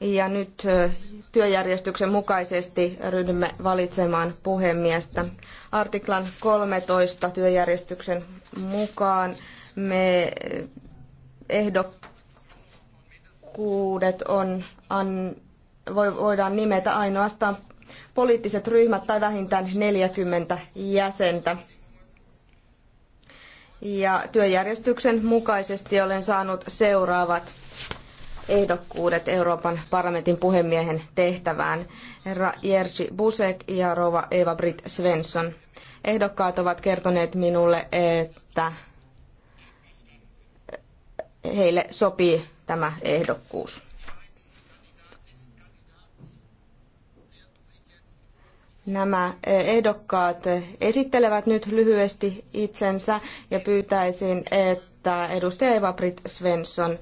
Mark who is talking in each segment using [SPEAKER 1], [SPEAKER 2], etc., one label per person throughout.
[SPEAKER 1] Ja nyt työjärjestyksen mukaisesti ryhdymme valitsemaan puhemiestä. Artiklan 13 työjärjestyksen mukaan me ehdokkuudet on, an, voidaan nimetä ainoastaan poliittiset ryhmät tai vähintään 40 jäsentä. Ja työjärjestyksen mukaisesti olen saanut seuraavat ehdokkuudet Euroopan parlamentin puhemiehen tehtävään, herra Jerzy Busek ja rouva Eva Britt Svensson. Ehdokkaat ovat kertoneet minulle, että heille sopii tämä ehdokkuus. Nämä ehdokkaat esittelevät nyt lyhyesti itsensä ja pyytäisin, että että edustaja Eva-Britt Svensson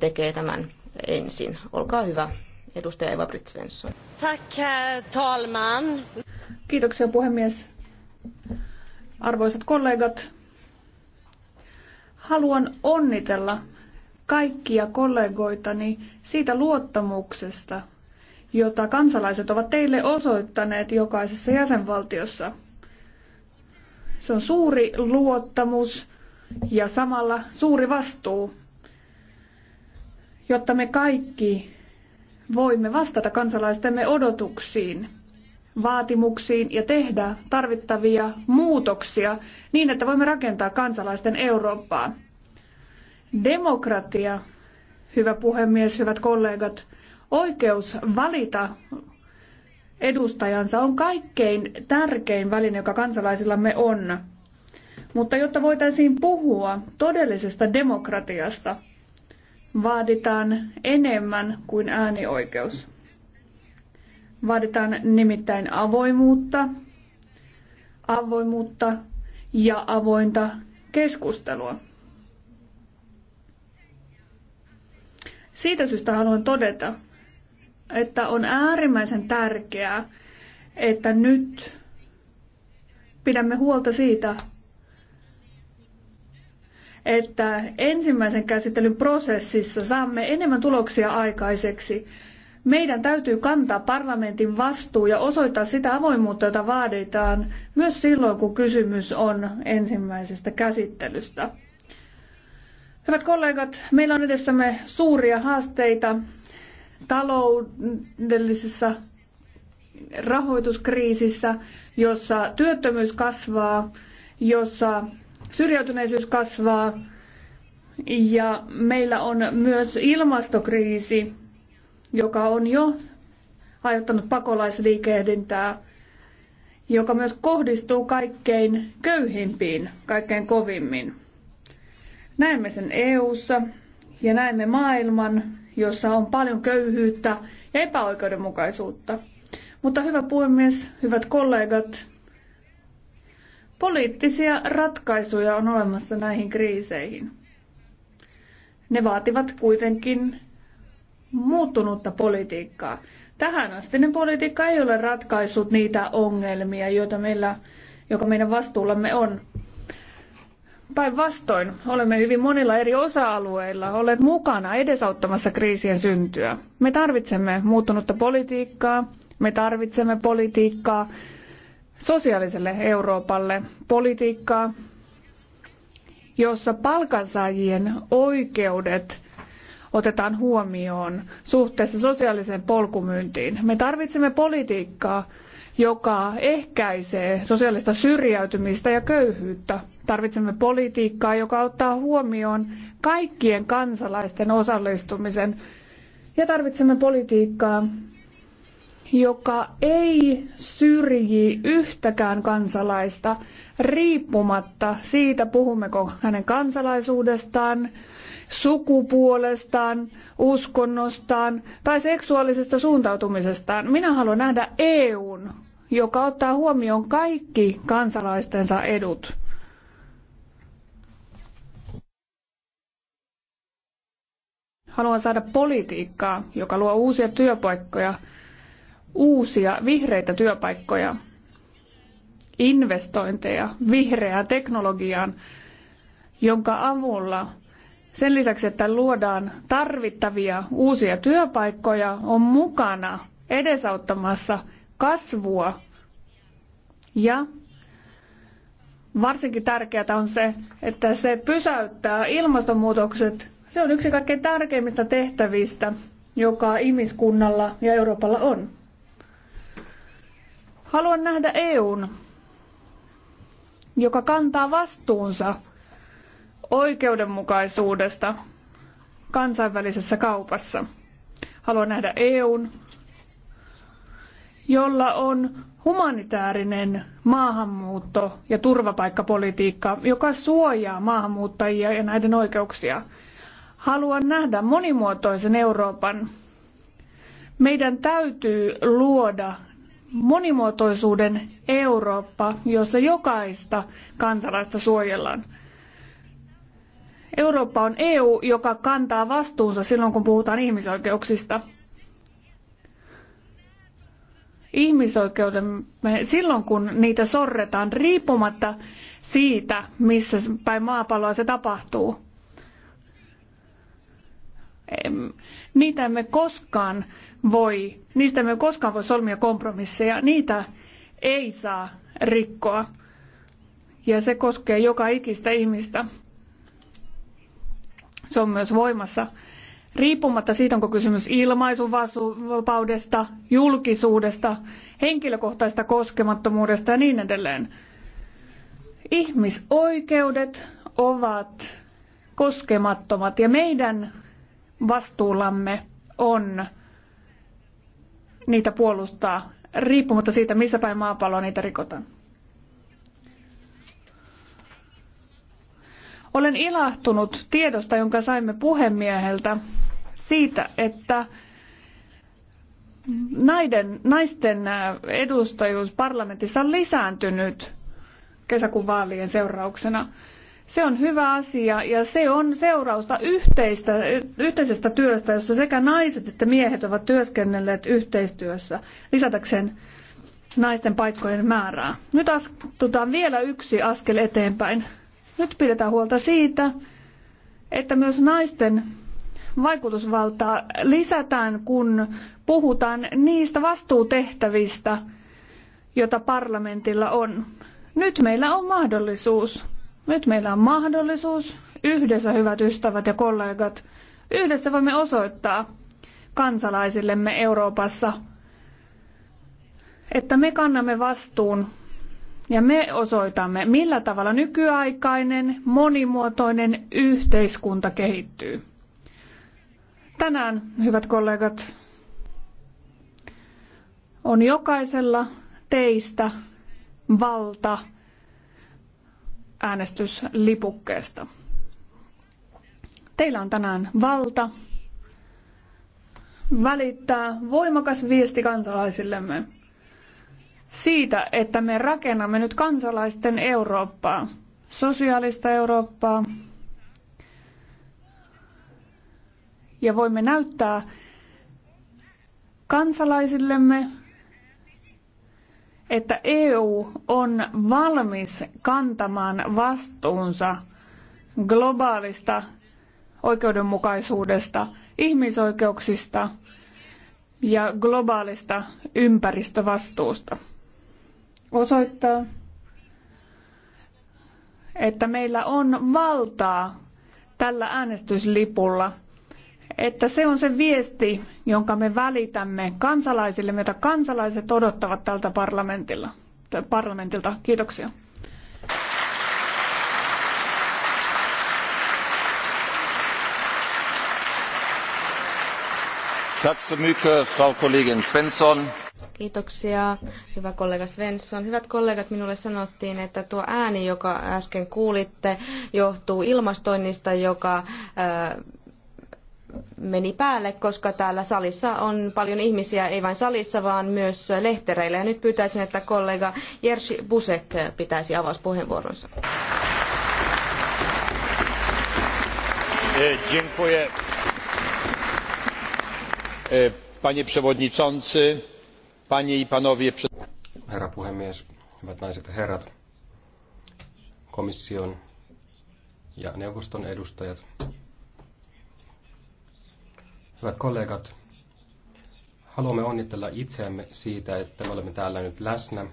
[SPEAKER 1] tekee tämän ensin. Olkaa hyvä, edustaja Eva-Britt Svensson.
[SPEAKER 2] Tack, talman. Kiitoksia puhemies. Arvoisat kollegat, haluan onnitella kaikkia kollegoitani siitä luottamuksesta, jota kansalaiset ovat teille osoittaneet jokaisessa jäsenvaltiossa. Se on suuri luottamus ja samalla suuri vastuu, jotta me kaikki voimme vastata kansalaistemme odotuksiin, vaatimuksiin ja tehdä tarvittavia muutoksia niin, että voimme rakentaa kansalaisten Eurooppaa. Demokratia, hyvä puhemies, hyvät kollegat, oikeus valita edustajansa on kaikkein tärkein väline, joka kansalaisillamme on mutta jotta voitaisiin puhua todellisesta demokratiasta, vaaditaan enemmän kuin äänioikeus. Vaaditaan nimittäin avoimuutta, avoimuutta ja avointa keskustelua. Siitä syystä haluan todeta, että on äärimmäisen tärkeää, että nyt pidämme huolta siitä, että ensimmäisen käsittelyn prosessissa saamme enemmän tuloksia aikaiseksi. Meidän täytyy kantaa parlamentin vastuu ja osoittaa sitä avoimuutta, jota vaaditaan myös silloin, kun kysymys on ensimmäisestä käsittelystä. Hyvät kollegat, meillä on edessämme suuria haasteita taloudellisessa rahoituskriisissä, jossa työttömyys kasvaa, jossa syrjäytyneisyys kasvaa ja meillä on myös ilmastokriisi, joka on jo aiheuttanut pakolaisliikehdintää, joka myös kohdistuu kaikkein köyhimpiin, kaikkein kovimmin. Näemme sen EU:ssa ja näemme maailman, jossa on paljon köyhyyttä ja epäoikeudenmukaisuutta. Mutta hyvä puhemies, hyvät kollegat, Poliittisia ratkaisuja on olemassa näihin kriiseihin. Ne vaativat kuitenkin muuttunutta politiikkaa. Tähän ne politiikka ei ole ratkaissut niitä ongelmia, joita meillä, joka meidän vastuullamme on. Päinvastoin olemme hyvin monilla eri osa-alueilla olleet mukana edesauttamassa kriisien syntyä. Me tarvitsemme muuttunutta politiikkaa, me tarvitsemme politiikkaa, sosiaaliselle Euroopalle politiikkaa, jossa palkansaajien oikeudet otetaan huomioon suhteessa sosiaaliseen polkumyyntiin. Me tarvitsemme politiikkaa, joka ehkäisee sosiaalista syrjäytymistä ja köyhyyttä. Tarvitsemme politiikkaa, joka ottaa huomioon kaikkien kansalaisten osallistumisen. Ja tarvitsemme politiikkaa, joka ei syrji yhtäkään kansalaista riippumatta siitä, puhummeko hänen kansalaisuudestaan, sukupuolestaan, uskonnostaan tai seksuaalisesta suuntautumisestaan. Minä haluan nähdä EUn, joka ottaa huomioon kaikki kansalaistensa edut. Haluan saada politiikkaa, joka luo uusia työpaikkoja – uusia vihreitä työpaikkoja, investointeja vihreään teknologiaan, jonka avulla sen lisäksi, että luodaan tarvittavia uusia työpaikkoja, on mukana edesauttamassa kasvua. Ja varsinkin tärkeää on se, että se pysäyttää ilmastonmuutokset. Se on yksi kaikkein tärkeimmistä tehtävistä, joka ihmiskunnalla ja Euroopalla on. Haluan nähdä EUn, joka kantaa vastuunsa oikeudenmukaisuudesta kansainvälisessä kaupassa. Haluan nähdä EUn, jolla on humanitaarinen maahanmuutto- ja turvapaikkapolitiikka, joka suojaa maahanmuuttajia ja näiden oikeuksia. Haluan nähdä monimuotoisen Euroopan. Meidän täytyy luoda monimuotoisuuden Eurooppa, jossa jokaista kansalaista suojellaan. Eurooppa on EU, joka kantaa vastuunsa silloin, kun puhutaan ihmisoikeuksista. Ihmisoikeudemme silloin, kun niitä sorretaan, riippumatta siitä, missä päin maapalloa se tapahtuu niitä emme koskaan voi, niistä emme koskaan voi solmia kompromisseja. Niitä ei saa rikkoa. Ja se koskee joka ikistä ihmistä. Se on myös voimassa riippumatta siitä, onko kysymys ilmaisuvapaudesta, julkisuudesta, henkilökohtaisesta koskemattomuudesta ja niin edelleen. Ihmisoikeudet ovat koskemattomat ja meidän vastuullamme on niitä puolustaa, riippumatta siitä, missä päin maapalloa niitä rikotaan. Olen ilahtunut tiedosta, jonka saimme puhemieheltä siitä, että näiden, naisten edustajuus parlamentissa on lisääntynyt kesäkuun vaalien seurauksena. Se on hyvä asia ja se on seurausta yhteistä, yhteisestä työstä, jossa sekä naiset että miehet ovat työskennelleet yhteistyössä lisätäkseen naisten paikkojen määrää. Nyt astutaan vielä yksi askel eteenpäin. Nyt pidetään huolta siitä, että myös naisten vaikutusvaltaa lisätään, kun puhutaan niistä vastuutehtävistä, joita parlamentilla on. Nyt meillä on mahdollisuus nyt meillä on mahdollisuus yhdessä, hyvät ystävät ja kollegat, yhdessä voimme osoittaa kansalaisillemme Euroopassa, että me kannamme vastuun ja me osoitamme, millä tavalla nykyaikainen, monimuotoinen yhteiskunta kehittyy. Tänään, hyvät kollegat, on jokaisella teistä valta – äänestyslipukkeesta. Teillä on tänään valta välittää voimakas viesti kansalaisillemme siitä, että me rakennamme nyt kansalaisten Eurooppaa, sosiaalista Eurooppaa, ja voimme näyttää kansalaisillemme, että EU on valmis kantamaan vastuunsa globaalista oikeudenmukaisuudesta, ihmisoikeuksista ja globaalista ympäristövastuusta. Osoittaa, että meillä on valtaa tällä äänestyslipulla että se on se viesti, jonka me välitämme kansalaisille, jota kansalaiset odottavat tältä parlamentilla, parlamentilta. Kiitoksia.
[SPEAKER 1] Kiitoksia, hyvä kollega Svensson. Hyvät kollegat, minulle sanottiin, että tuo ääni, joka äsken kuulitte, johtuu ilmastoinnista, joka äh, meni päälle, koska täällä salissa on paljon ihmisiä, ei vain salissa, vaan myös lehtereillä. Ja nyt pyytäisin, että kollega Jersi Busek pitäisi avauspuheenvuoronsa.
[SPEAKER 3] E, dziękuję. E, panie przewodniczący, panie i panowie... Herra puhemies, hyvät naiset ja herrat, komission ja neuvoston edustajat, Hyvät kollegat, haluamme onnitella itseämme siitä, että me olemme täällä nyt läsnä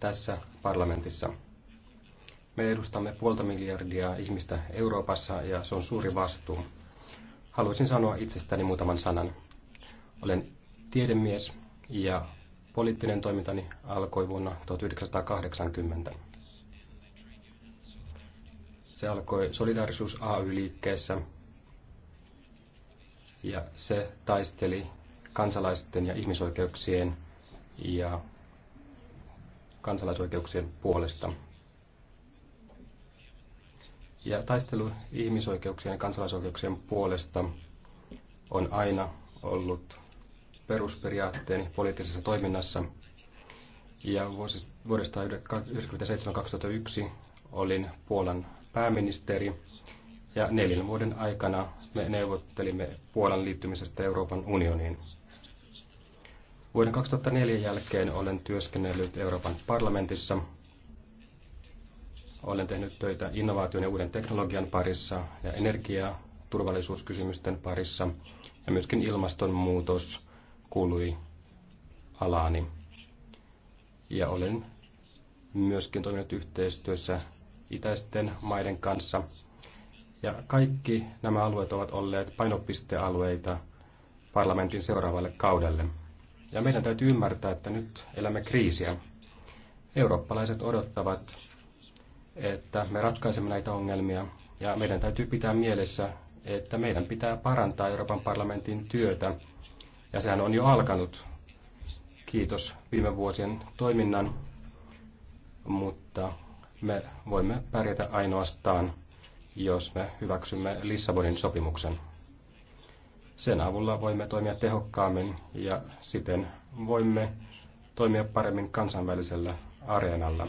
[SPEAKER 3] tässä parlamentissa. Me edustamme puolta miljardia ihmistä Euroopassa ja se on suuri vastuu. Haluaisin sanoa itsestäni muutaman sanan. Olen tiedemies ja poliittinen toimintani alkoi vuonna 1980. Se alkoi Solidarisuus AY-liikkeessä, ja se taisteli kansalaisten ja ihmisoikeuksien ja kansalaisoikeuksien puolesta. Ja taistelu ihmisoikeuksien ja kansalaisoikeuksien puolesta on aina ollut perusperiaatteeni poliittisessa toiminnassa. Ja vuodesta 1997-2001 olin Puolan pääministeri ja neljän vuoden aikana me neuvottelimme Puolan liittymisestä Euroopan unioniin. Vuoden 2004 jälkeen olen työskennellyt Euroopan parlamentissa. Olen tehnyt töitä innovaation ja uuden teknologian parissa ja energia turvallisuuskysymysten parissa ja myöskin ilmastonmuutos kuului alaani. Ja olen myöskin toiminut yhteistyössä itäisten maiden kanssa ja kaikki nämä alueet ovat olleet painopistealueita parlamentin seuraavalle kaudelle. Ja meidän täytyy ymmärtää, että nyt elämme kriisiä. Eurooppalaiset odottavat, että me ratkaisemme näitä ongelmia, ja meidän täytyy pitää mielessä, että meidän pitää parantaa Euroopan parlamentin työtä, ja sehän on jo alkanut, kiitos viime vuosien toiminnan, mutta me voimme pärjätä ainoastaan jos me hyväksymme Lissabonin sopimuksen. Sen avulla voimme toimia tehokkaammin ja siten voimme toimia paremmin kansainvälisellä areenalla,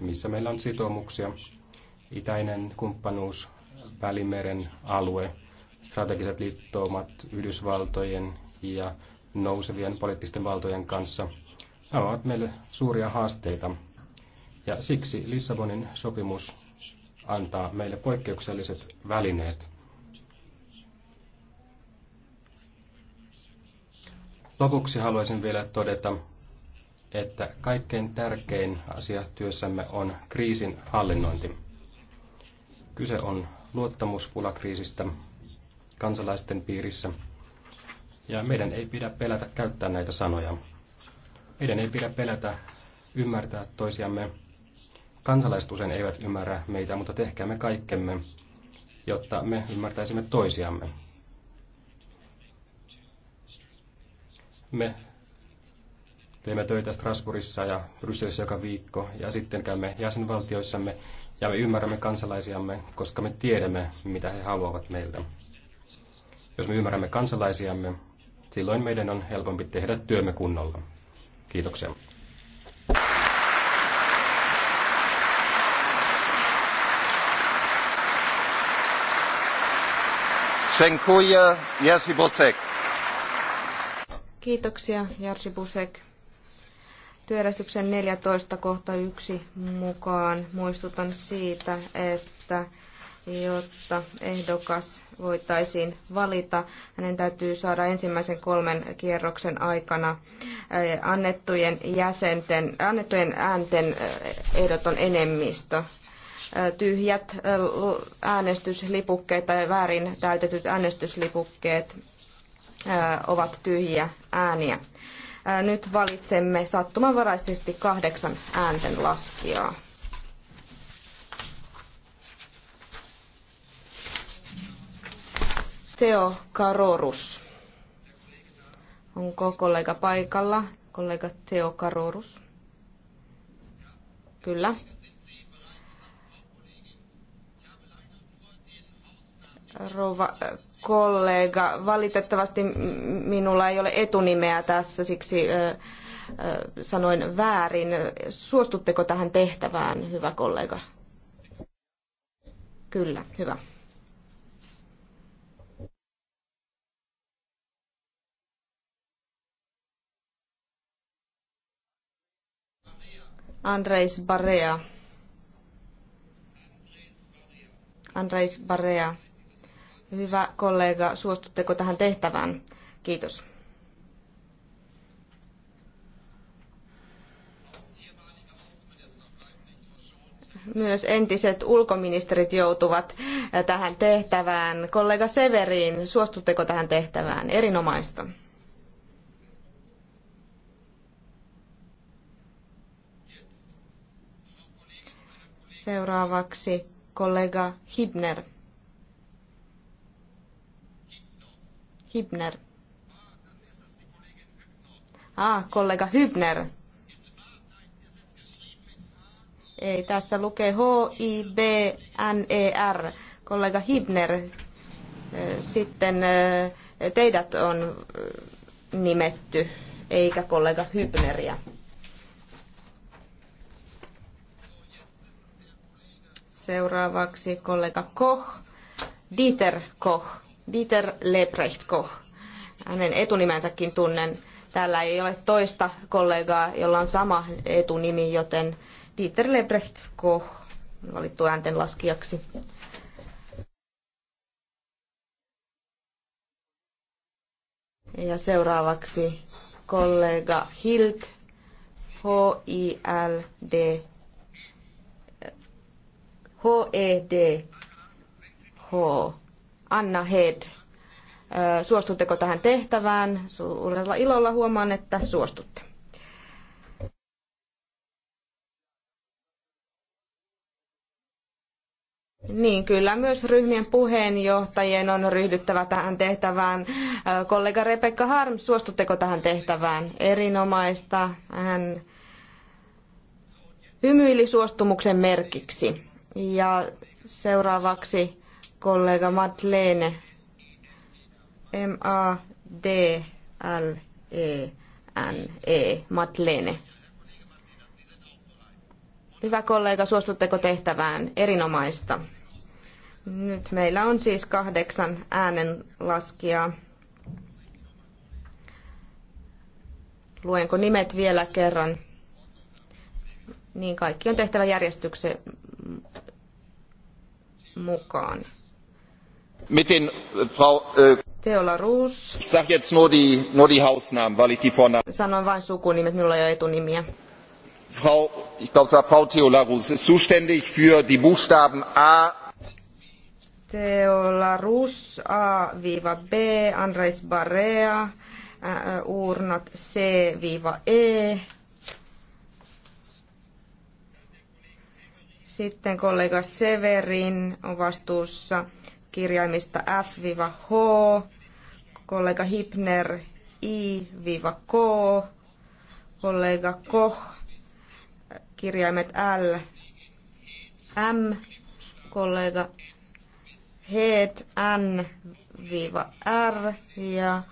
[SPEAKER 3] missä meillä on sitoumuksia, itäinen kumppanuus, Välimeren alue, strategiset liittoumat Yhdysvaltojen ja nousevien poliittisten valtojen kanssa. Nämä ovat meille suuria haasteita, ja siksi Lissabonin sopimus antaa meille poikkeukselliset välineet. Lopuksi haluaisin vielä todeta, että kaikkein tärkein asia työssämme on kriisin hallinnointi. Kyse on luottamuspulakriisistä kansalaisten piirissä, ja meidän ei pidä pelätä käyttää näitä sanoja. Meidän ei pidä pelätä ymmärtää toisiamme Kansalaiset usein eivät ymmärrä meitä, mutta tehkäämme kaikkemme, jotta me ymmärtäisimme toisiamme. Me teemme töitä Strasbourgissa ja Brysselissä joka viikko ja sitten käymme jäsenvaltioissamme ja me ymmärrämme kansalaisiamme, koska me tiedämme, mitä he haluavat meiltä. Jos me ymmärrämme kansalaisiamme, silloin meidän on helpompi tehdä työmme kunnolla. Kiitoksia.
[SPEAKER 1] Dziękuję, Jerzy Busek. Kiitoksia, Jarsi Busek. Työjärjestyksen 14 kohta 1 mukaan muistutan siitä, että jotta ehdokas voitaisiin valita, hänen täytyy saada ensimmäisen kolmen kierroksen aikana eh, annettujen, jäsenten, annettujen äänten eh, ehdoton enemmistö tyhjät äänestyslipukkeet tai väärin täytetyt äänestyslipukkeet ovat tyhjiä ääniä. Nyt valitsemme sattumanvaraisesti kahdeksan äänten laskijaa. Teo Karorus. Onko kollega paikalla? Kollega Teo Karorus. Kyllä. rouva kollega. Valitettavasti minulla ei ole etunimeä tässä, siksi sanoin väärin. Suostutteko tähän tehtävään, hyvä kollega? Kyllä, hyvä. Andres Barrea. Andres Barrea. Hyvä kollega, suostutteko tähän tehtävään? Kiitos. myös entiset ulkoministerit joutuvat tähän tehtävään. Kollega Severin, suostutteko tähän tehtävään? Erinomaista. Seuraavaksi kollega Hibner. Hibner. Ah, kollega Hybner. Ei, tässä lukee H-I-B-N-E-R. Kollega Hibner, eh, sitten eh, teidät on eh, nimetty, eikä kollega Hybneriä. Seuraavaksi kollega Koch, Dieter Koch. Dieter Lebrechtko. Hänen etunimensäkin tunnen. Täällä ei ole toista kollegaa, jolla on sama etunimi, joten Dieter Lebrechtko valittu ääntenlaskijaksi. Ja seuraavaksi kollega Hild, H-I-L-D, H-E-D, H. -E -D, H. Anna Head, suostutteko tähän tehtävään? Suurella ilolla huomaan, että suostutte. Niin, kyllä myös ryhmien puheenjohtajien on ryhdyttävä tähän tehtävään. Kollega Rebecca Harm, suostutteko tähän tehtävään? Erinomaista. Hän hymyili suostumuksen merkiksi. Ja seuraavaksi kollega Madeleine. M-A-D-L-E-N-E. E e. Madeleine. Hyvä kollega, suostutteko tehtävään? Erinomaista. Nyt meillä on siis kahdeksan äänenlaskijaa. Luenko nimet vielä kerran? Niin kaikki on tehtävä järjestyksen mukaan. Mit den, äh, Frau, äh, Ich jetzt nur die, nur die Hausnamen, weil ich die Vornamen. Sanon vain sukunimet, minulla ei ole etunimiä. Frau, ich glaube, es Frau Teola ist zuständig für die Buchstaben A. Teola A-B, Andres Barea, äh, Urnat C-E. Sitten kollega Severin on vastuussa kirjaimista F-H, kollega Hipner I-K, kollega Koch, kirjaimet L, M, kollega Heet N-R ja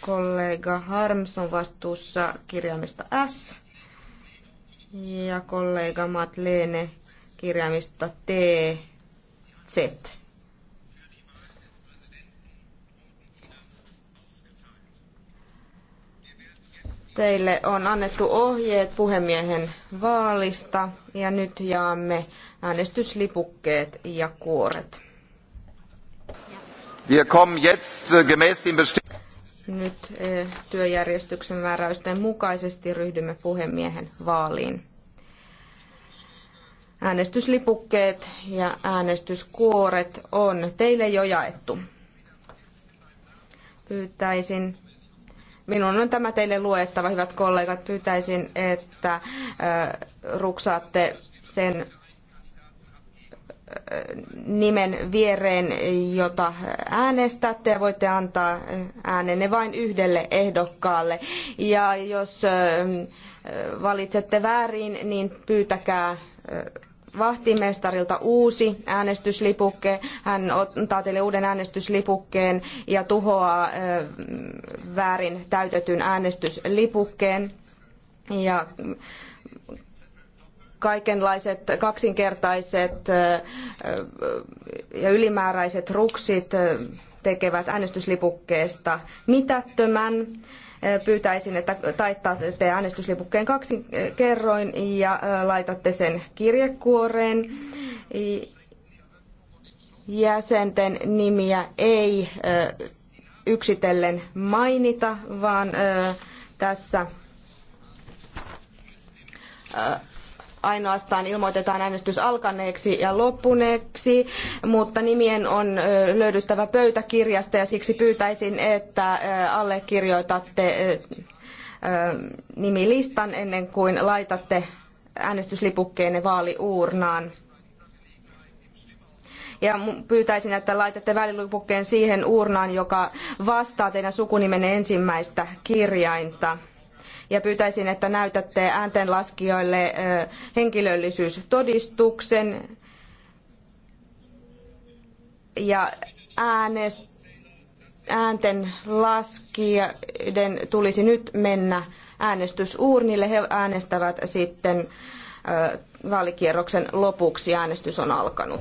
[SPEAKER 1] kollega Harms on vastuussa kirjaimista S ja kollega Madlene kirjaimista T, Z. Teille on annettu ohjeet puhemiehen vaalista ja nyt jaamme äänestyslipukkeet ja kuoret. Wir kommen jetzt äh, gemäß dem nyt äh, työjärjestyksen määräysten mukaisesti ryhdymme puhemiehen vaaliin. Äänestyslipukkeet ja äänestyskuoret on teille jo jaettu. Pyytäisin Minun on tämä teille luettava, hyvät kollegat. Pyytäisin, että ruksaatte sen nimen viereen, jota äänestätte ja voitte antaa äänenne vain yhdelle ehdokkaalle. Ja jos valitsette väärin, niin pyytäkää vahtimestarilta uusi äänestyslipukke. Hän antaa teille uuden äänestyslipukkeen ja tuhoaa väärin täytetyn äänestyslipukkeen. Ja kaikenlaiset kaksinkertaiset ja ylimääräiset ruksit tekevät äänestyslipukkeesta mitättömän. Pyytäisin, että taittatte äänestyslipukkeen kaksi kerroin ja laitatte sen kirjekuoreen. Jäsenten nimiä ei yksitellen mainita, vaan tässä ainoastaan ilmoitetaan äänestys alkaneeksi ja loppuneeksi, mutta nimien on löydyttävä pöytäkirjasta ja siksi pyytäisin, että allekirjoitatte nimilistan ennen kuin laitatte äänestyslipukkeenne vaaliuurnaan. Ja pyytäisin, että laitatte välilupukkeen siihen uurnaan, joka vastaa teidän sukunimenne ensimmäistä kirjainta ja pyytäisin, että näytätte ääntenlaskijoille henkilöllisyystodistuksen ja äänest, äänten laskijoiden tulisi nyt mennä äänestysuurnille. He äänestävät sitten vaalikierroksen lopuksi. Äänestys on alkanut.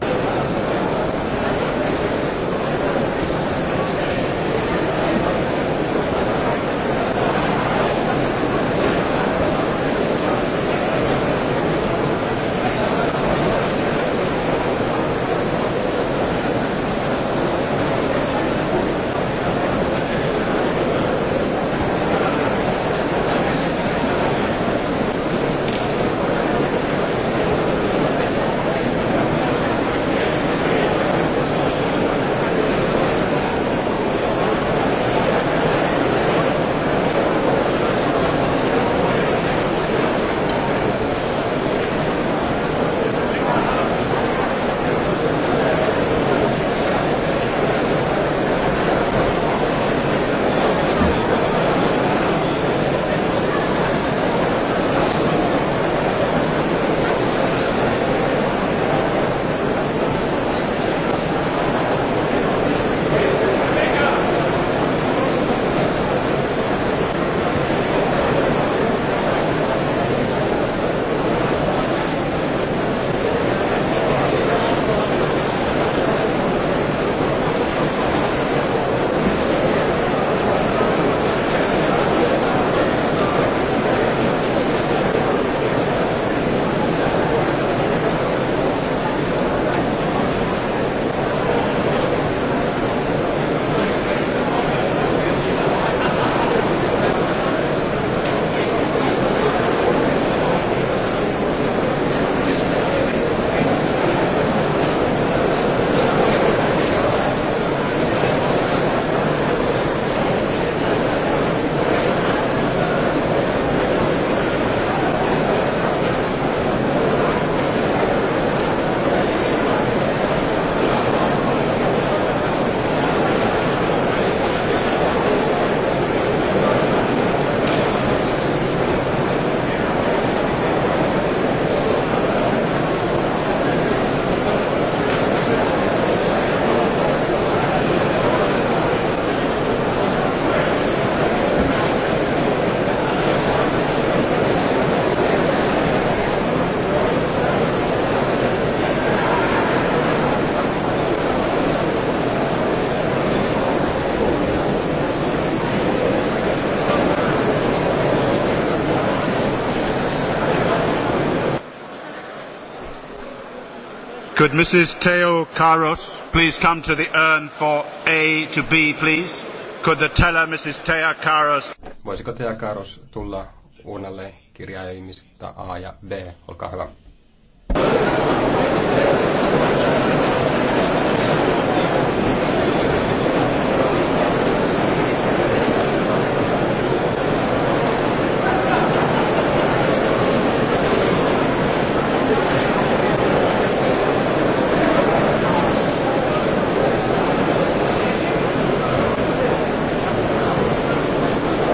[SPEAKER 1] Could Mrs. Teo Karos please come to the
[SPEAKER 3] urn for A to B, please? Could the teller, Mrs. Teo Karos... Voisiko Teo Karos tulla uunnalle kirjaimista A ja B? Olkaa hyvä.